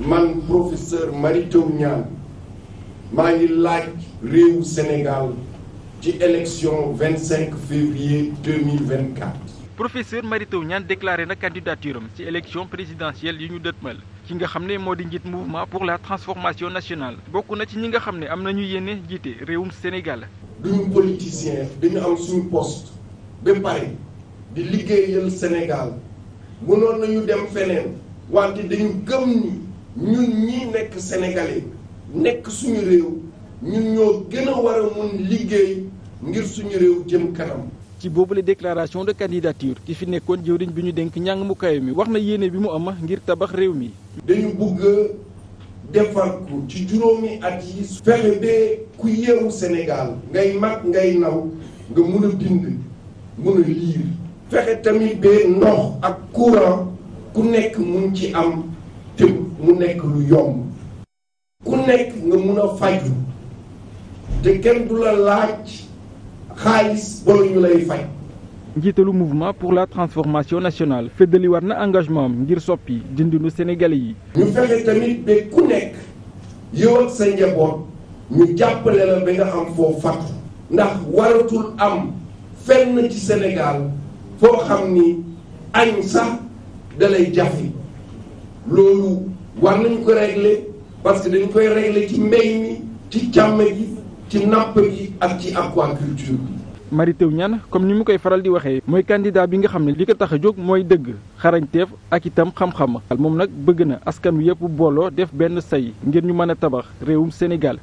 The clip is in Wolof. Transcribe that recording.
man professeur Mary Teuw Niane maa ngi laaj réewu Sénégal ci élection 25 février professeur Mary Teuw Niane déclaré na candidature ci élection présidentielle yi ñu dëtmal ki nga xam ne moo di njiit mouvement pour la transformation nationale. bokk na ci ñi nga xam ne am nañu yenn jiite réewum Sénégal. duñu politicien dañu am suñu poste ba pare di liggéeyal Sénégal mënoon nañu dem feneen wante dañu gëm ni. ñun ñi nekk sénégalais nekk suñu réew ñun ñoo gën a war a mun liggéey ngir suñu réew jëm kanam. ci boobule déclaration de candidature ki fi nekkoon jëwriñ bi ñu dénk njàng mu kawe mi wax na yéene bi mu am ngir tabax réew mi. dañu bugg defar ko ci juróomi at yi. fexe ba ku yeewu Sénégal ngay mag ngay naw nga mun a bind mun a liir. fexe tamit ba ndox ak courant ku nekk mun ci am. jëm mu nekk lu yomb ku nekk nga mun a faju te kenn du la laaj xaalis bala ñu lay faj. njiitalu mouvement pour la transformation national feddali war na engagement am ngir soppi dindinu Sénégalais yi. ñu fexe tamit ba ku nekk yow sa njaboot ñu jàppale la ba nga am foo fàttu ndax waratul am fenn ci Sénégal foo xam ni añ sax dalay jafe. loolu wax nañu ko régler parce que dañu koy régler ci mbéy mi ci càmm gi ci napp gi ak ci aquaculture bi. Mary Teuw comme ni mu koy faral di waxee. mooy candidat bi nga xam ne li ko tax a jóg mooy dëgg xarañteef ak itam xam-xam. moom nag bëgg na askan bi yëpp booloo def benn say ngir ñu mën a tabax réewum Sénégal.